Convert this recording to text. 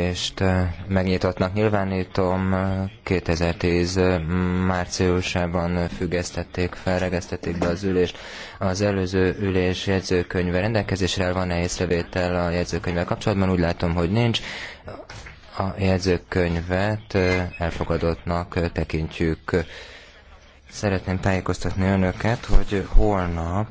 és eh, megnyitottnak Nyilvánítom, 2010 eh, eh, márciusában függesztették fel, regesztették be az ülést. Az előző ülés jegyzőkönyve rendelkezésre van-e észrevétel a jegyzőkönyvvel kapcsolatban? Úgy látom, hogy nincs. A jegyzőkönyvet elfogadottnak tekintjük. Szeretném tájékoztatni önöket, hogy holnap